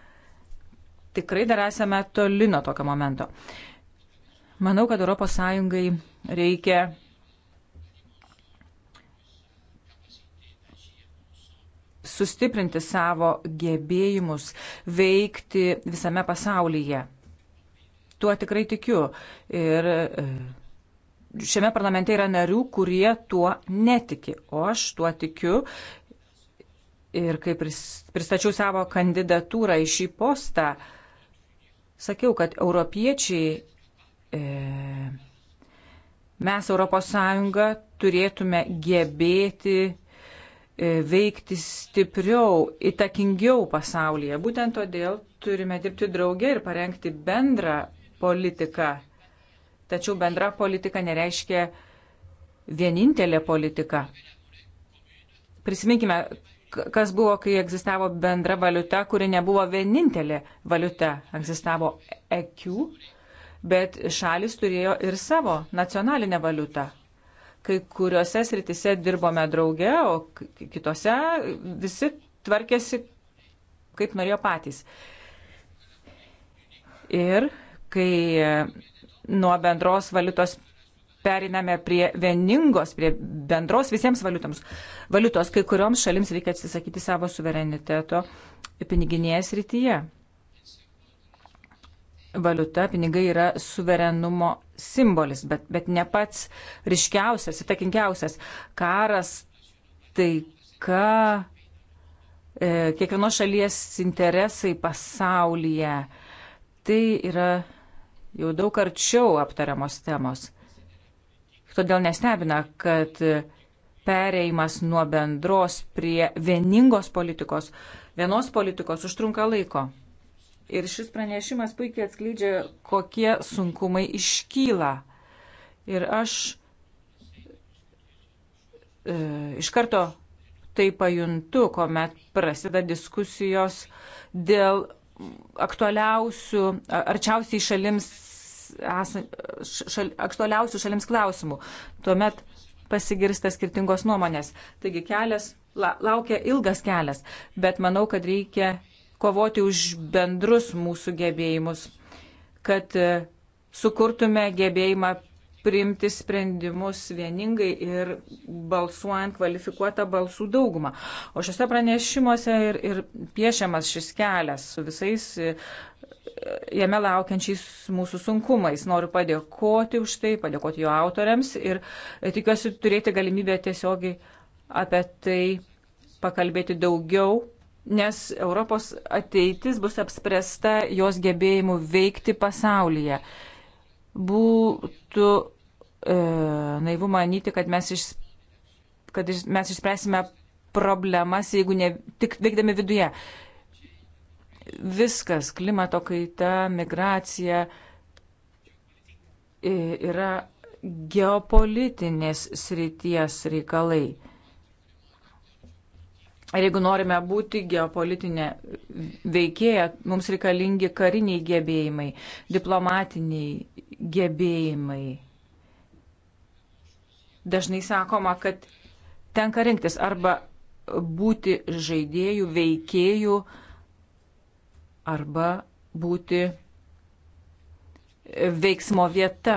tikrai dar esame toli nuo tokio momento. Manau, kad ES reikia sustiprinti savo gebėjimus veikti visame pasaulyje. Tuo tikrai tikiu. Ir e, šiame parlamente yra narių, kurie tuo netiki. O aš tuo tikiu. Ir kai pristačiau savo kandidatūrą į šį postą, uh, Sakiau, kad europiečiai, e, mes ES turėtume gebėti e, veikti stipriau, įtakingiau pasaulyje. Būtent todėl turime dirbti drauge ir parengti bendrą politiką. Tačiau bendra politika nereiškia vienintelė politika. Prisiminkime, kas buvo, kai egzistavo bendra valiuta, kuri nebuvo vienintelė valiuta, egzistavo EQ, bet šalis turėjo ir savo nacionalinę valiutą. Kai kuriuose sritise dirbome drauge, o kitose visi tvarkėsi kaip norėjo patys. Ir kai e, nuo bendros valiutos periname prie vieningos, prie bendros visiems valiutoms. Valiutos kai kurioms šalims reikia atsisakyti savo suvereniteto piniginėje srityje. Valiuta, pinigai yra suverenumo simbolis, bet, bet ne pats ryškiausias, įtakingiausias. Karas, taika, e, kiekvienos šalies interesai pasaulyje. Tai yra jau daug arčiau aptariamos temos. Todėl nestebina, kad pereimas nuo bendros prie vieningos politikos, vienos politikos užtrunka laiko. Ir šis pranešimas puikiai atskleidžia, kokie sunkumai iškyla. Ir aš e, iš karto tai pajuntu, kuomet prasideda diskusijos dėl aktualiausių, arčiausiai šalims šal, aktualiausių šalims klausimų. Tuomet pasigirsta skirtingos nuomonės. Taigi kelias, la, laukia ilgas kelias, bet manau, kad reikia kovoti už bendrus mūsų gebėjimus, kad e, sukurtume gebėjimą priimti sprendimus vieningai ir balsuojant kvalifikuotą balsų daugumą. O šiuose pranešimuose ir, ir piešiamas šis kelias su visais e, jame laukiančiais mūsų sunkumais. Noriu padėkoti už tai, padėkoti jo autoriams ir tikiuosi turėti galimybę tiesiogiai apie tai pakalbėti daugiau, nes Europos ateitis bus apspręsta jos gebėjimu veikti pasaulyje. Būtų e, naivu manyti, kad mes, iš, kad iš, mes išspręsime problemas, jeigu ne tik veikdami viduje viskas - klimato kaita, migracija - yra geopolitinės srities reikalai. Ir jeigu norime būti geopolitinė veikėja, mums reikalingi kariniai gebėjimai, diplomatiniai gebėjimai. Dažnai sakoma, kad tenka rinktis arba būti žaidėjų, veikėjų, uh, arba būti veiksmo vieta.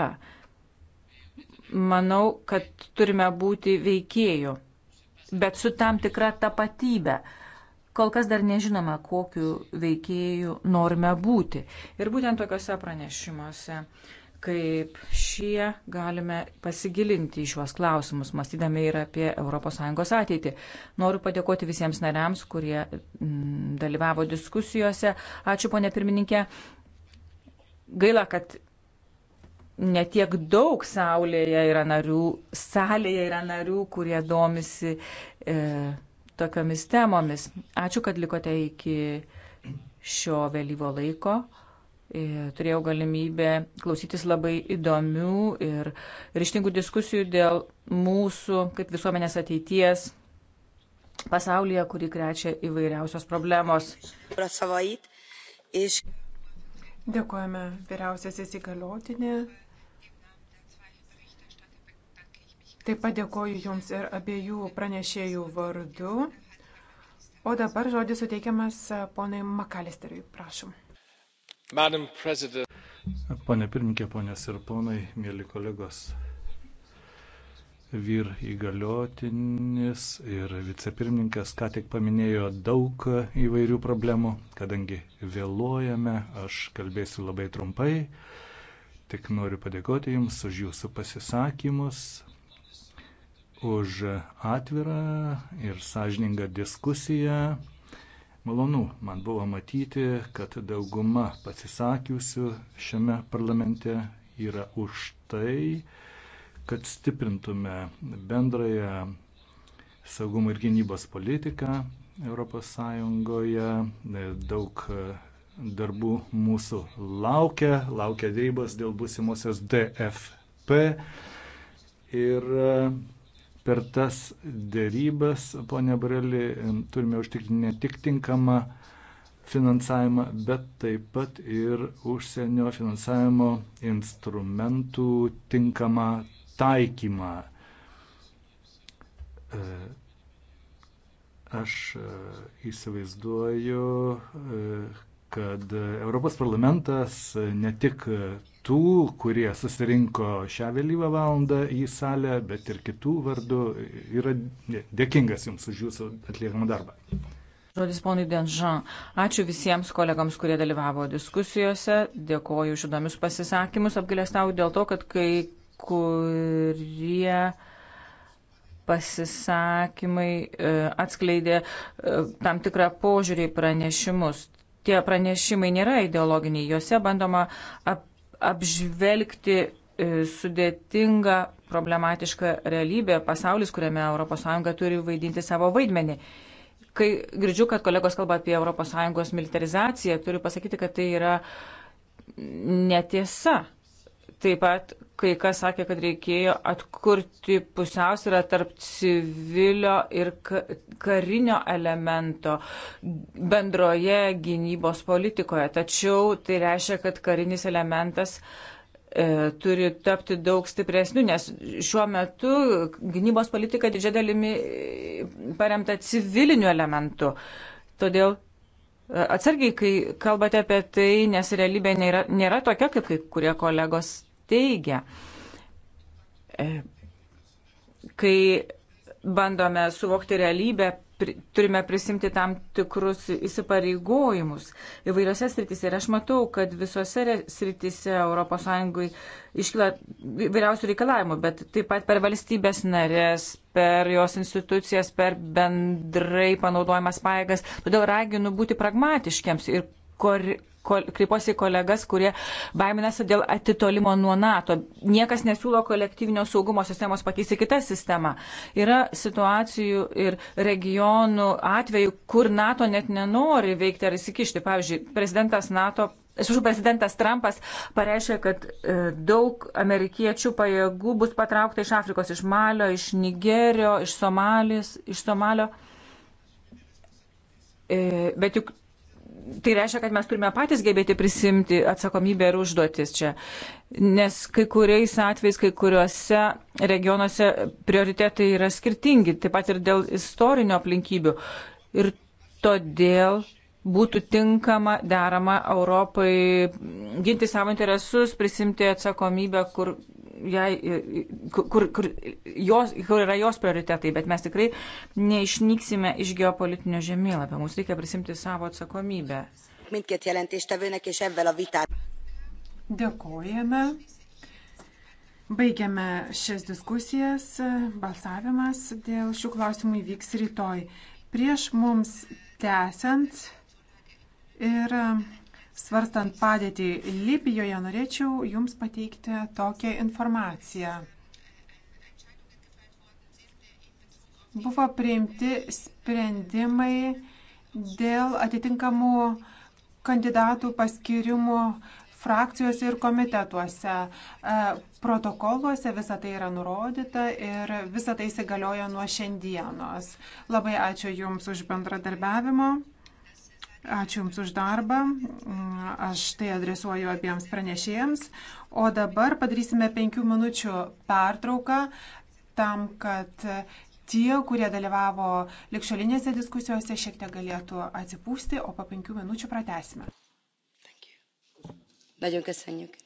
Manau, kad turime būti veikėjų, bet su tam tikra tapatybė. Kol kas dar nežinome, kokiu veikėju norime būti. Ir būtent tokiuose pranešimuose uh, kaip šie galime pasigilinti į šiuos klausimus, mąstydami ir apie ES ateitį. Noriu padėkoti visiems nariams, kurie m, mm, dalyvavo diskusijose. Ačiū, ponė pirmininkė. Gaila, kad netiek daug saulėje yra narių, salėje yra narių, kurie domisi e, tokiamis temomis. Ačiū, kad likote iki šio vėlyvo laiko. E, turėjau galimybę klausytis labai įdomių ir ryštingų diskusijų dėl mūsų kaip visuomenės ateities pasaulyje, kurį krečia įvairiausios problemos. Dėkojame vyriausiasis įgaliotinė. Taip pat dėkoju Jums ir abiejų pranešėjų vardu. O dabar žodis suteikiamas ponai Makalisteriui. Prašom. Pane pirmininkė, ponės ir ponai, mėly kolegos, vyr įgaliotinis ir vicepirmininkas ką tik paminėjo daug įvairių problemų, kadangi vėluojame, aš kalbėsiu labai trumpai, tik noriu padėkoti Jums už Jūsų pasisakymus, už atvirą ir sąžiningą diskusiją. Malonu man buvo matyti, kad dauguma pasisakiusių šiame parlamente yra už tai, kad stiprintume bendrąją saugumo ir gynybos politiką ES. Daug e, darbų mūsų laukia, laukia dėrybos dėl būsimosios DFP. Ir e, per tas dėrybas, ponė Breli, turime užtikrinti ne tik tinkamą finansavimą, bet taip pat ir užsienio finansavimo instrumentų tinkamą taikymą. E, aš e, įsivaizduoju, e, kad Europos parlamentas ne tik tų, kurie susirinko šią vėlyvą valandą į salę, bet ir kitų vardų. Yra dėkingas Jums už Jūsų atliekamą darbą. Žodis ponui Denžan. Ačiū visiems kolegams, kurie dalyvavo diskusijose. Dėkoju už įdomius pasisakymus. Apgailestau dėl to, kad kai kurie pasisakymai e, atskleidė e, tam tikrą požiūrį pranešimus tie pranešimai nėra ideologiniai, juose bandoma ap, apžvelgti e, sudėtinga problematiška realybė, pasaulis, kuriame ES turi vaidinti savo vaidmenį. Kai girdžiu, kad kolegos kalba apie ES militarizaciją, turiu pasakyti, kad tai yra netiesa. Taip pat kai kas sakė, kad reikėjo atkurti pusiausvyrą tarp civilio ir karinio elemento bendroje gynybos politikoje. Tačiau tai reiškia, kad karinis elementas e, turi tapti daug stipresniu, nes šiuo metu gynybos politika didžia dalimi e, paremta civiliniu elementu. Todėl e, atsargiai, kai kalbate apie tai, nes realybė nėra, nėra tokia, kaip kai kurie kolegos teigia. E, kai bandome suvokti realybę, turime prisimti tam tikrus įsipareigojimus įvairiose sritise. Ir aš matau, kad visose sritise ES iškyla vairiausių reikalavimų, bet taip pat per valstybės narės, per jos institucijas, per bendrai panaudojamas paėgas. Todėl raginu būti pragmatiškiams ir kor, kol, kreipiuosi į kolegas, kurie baiminasi dėl atitolimo nuo NATO. Niekas nesiūlo kolektyvinio saugumo sistemos pakeisti kitą sistemą. Yra situacijų ir regionų atvejų, kur NATO net nenori veikti ar įsikišti. Pavyzdžiui, prezidentas NATO. Esu prezidentas Trumpas pareiškė, kad e, daug amerikiečių pajėgų bus patraukta iš Afrikos, iš Malio, iš Nigerio, iš, Somalis, iš Somalio. E, bet juk tai reiškia, kad mes turime patys gebėti prisimti atsakomybę ir užduotis čia. Nes kai kuriais atvejais, kai kuriuose regionuose prioritetai yra skirtingi, taip pat ir dėl istorinio aplinkybių. Ir todėl būtų tinkama, derama Europai ginti savo interesus, prisimti atsakomybę, kur jai, kur, kur, jos, kur yra jos prioritetai, bet mes tikrai neišnyksime iš geopolitinio žemėlapio. Mums reikia prisimti savo atsakomybę. Dėkojame. Baigiame šias diskusijas. Balsavimas dėl šių klausimų įvyks rytoj. Prieš mums tęsiant ir Svarstant padėtį Libijoje, norėčiau Jums pateikti tokią informaciją. Buvo priimti sprendimai dėl atitinkamų kandidatų paskirimų frakcijose ir komitetuose. E, protokoluose visa tai yra nurodyta ir visa tai įsigalioja nuo šiandienos. Labai ačiū Jums už bendradarbiavimą. Ačiū Jums už darbą. Aš tai adresuoju abiems pranešėjams. O dabar padarysime penkių minučių pertrauką tam, kad tie, kurie dalyvavo likščiolinėse diskusijose, šiek tiek galėtų atsipūsti, o po penkių minučių pratesime. Nagyon köszönjük.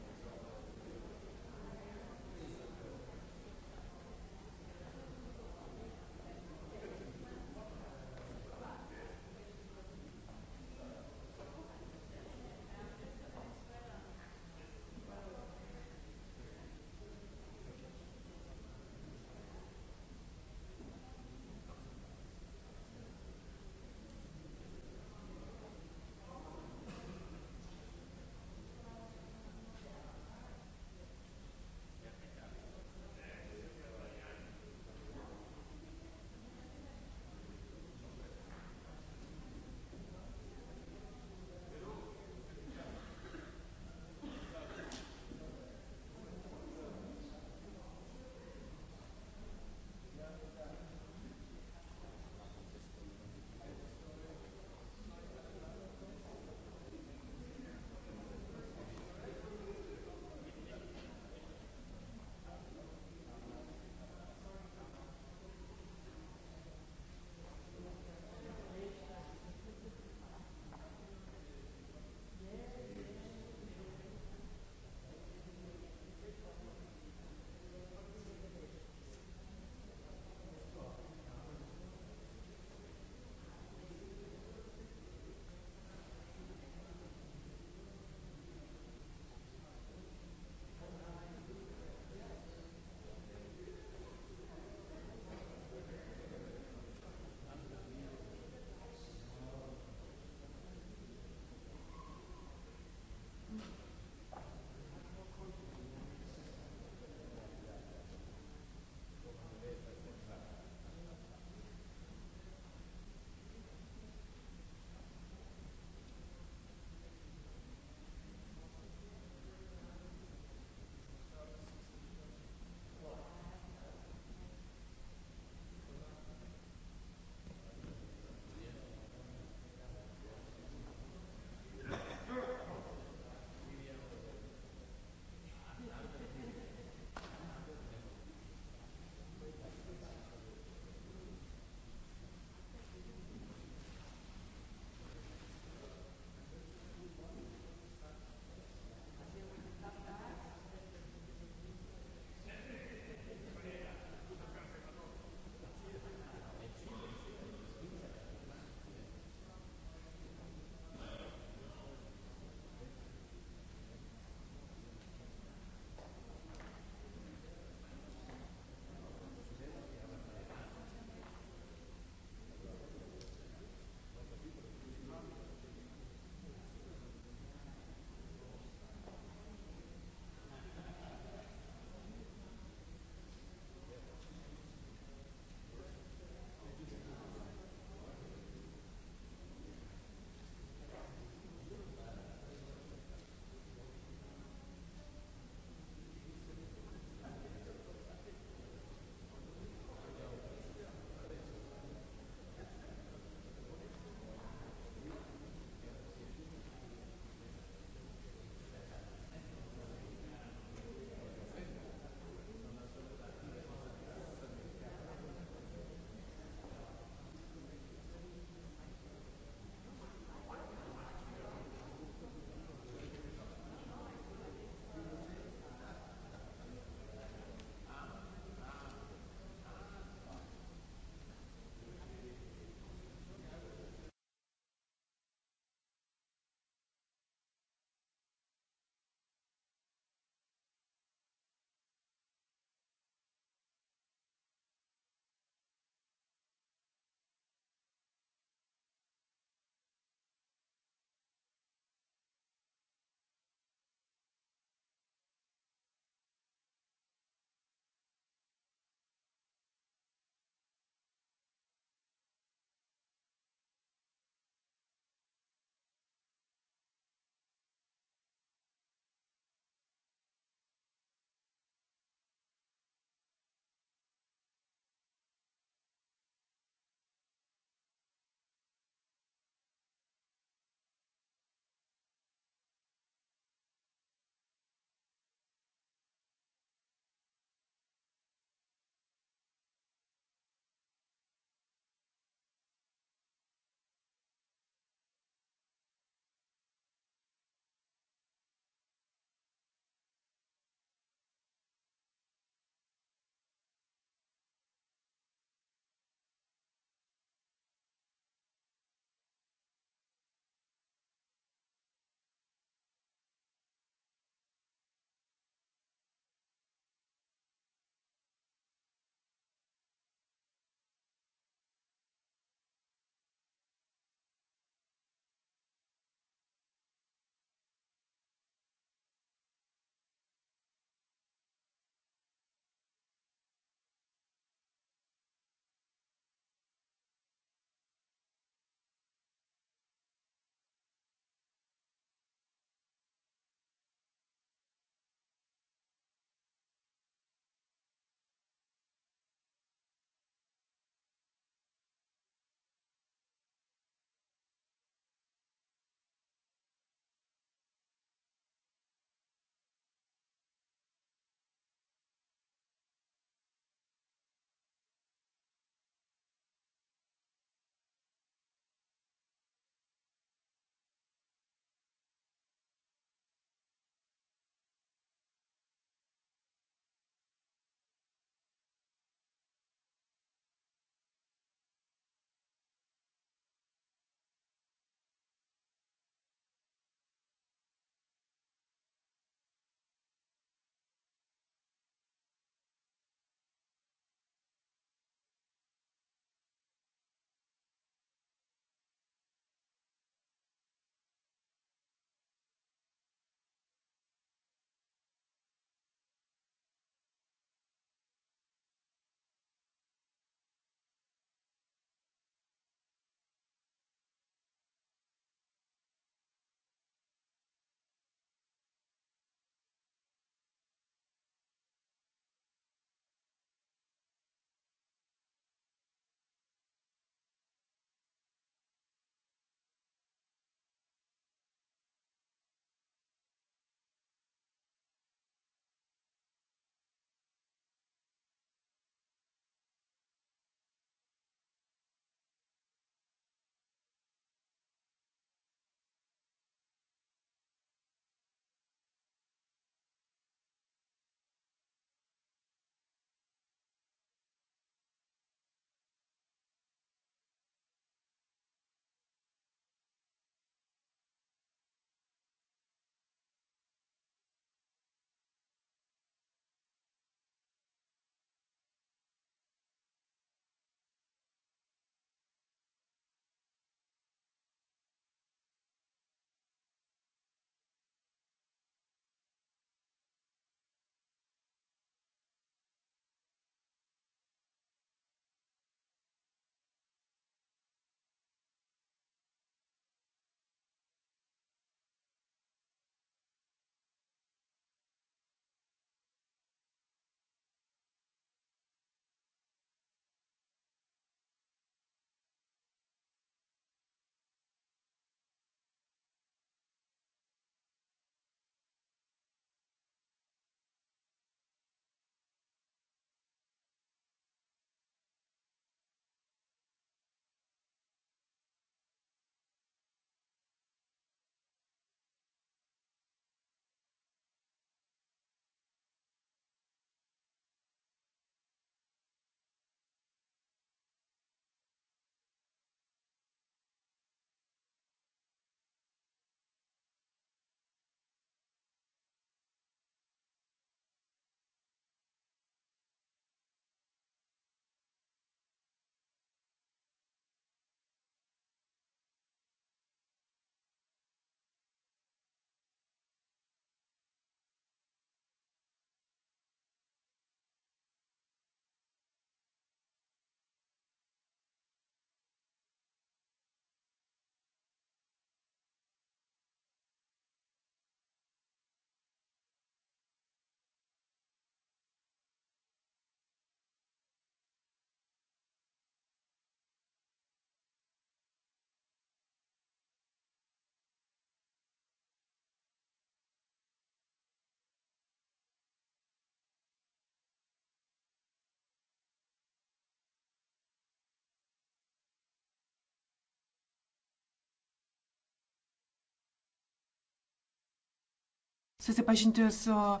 susipažinti su uh,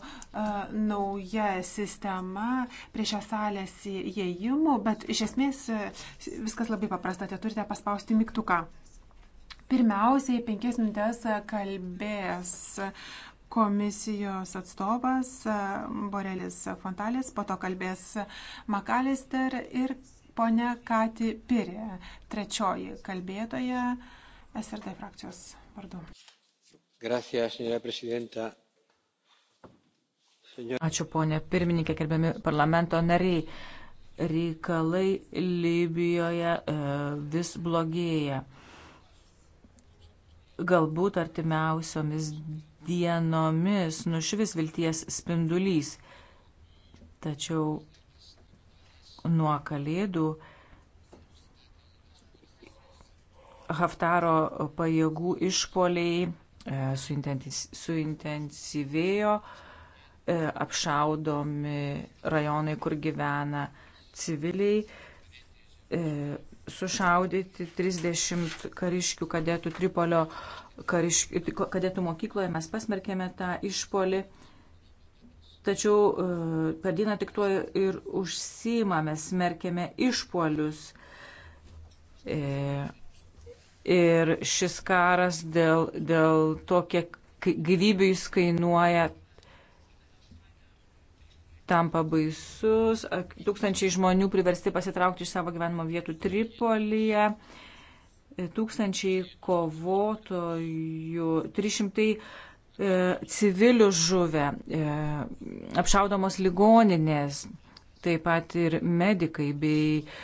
nauja sistema prie šią salės įėjimų, bet iš esmės e, viskas labai paprasta, tai turite paspausti mygtuką. Pirmiausiai penkias minutės kalbės komisijos atstovas e, Borelis Fontalis, po to kalbės Makalister ir ponia Kati Pirė, trečioji kalbėtoja SRT frakcijos vardu. Gracias, señora presidenta. Ačiū, ponė pirmininkė, gerbiami parlamento nariai. Reikalai Libijoje e, vis blogėja. Galbūt artimiausiomis dienomis nušvis vilties spindulys. Tačiau nuo kalėdų Haftaro pajėgų išpoliai e, suintensyvėjo. Su E, apšaudomi rajonai, kur gyvena civiliai. E, sušaudyti 30 kariškių kadetų Tripolio kariškių, kadetų mokykloje mes pasmerkėme tą išpolį. Tačiau e, per dieną tik tuo ir užsimame, smerkėme išpolius. Ir šis karas dėl, dėl to, kiek gyvybių jis kainuoja, tampa baisus, tūkstančiai žmonių priversti pasitraukti iš savo gyvenimo vietų Tripolyje, tūkstančiai kovotojų, 300 e, civilių žuvę, e, apšaudomos ligoninės, taip pat ir medikai bei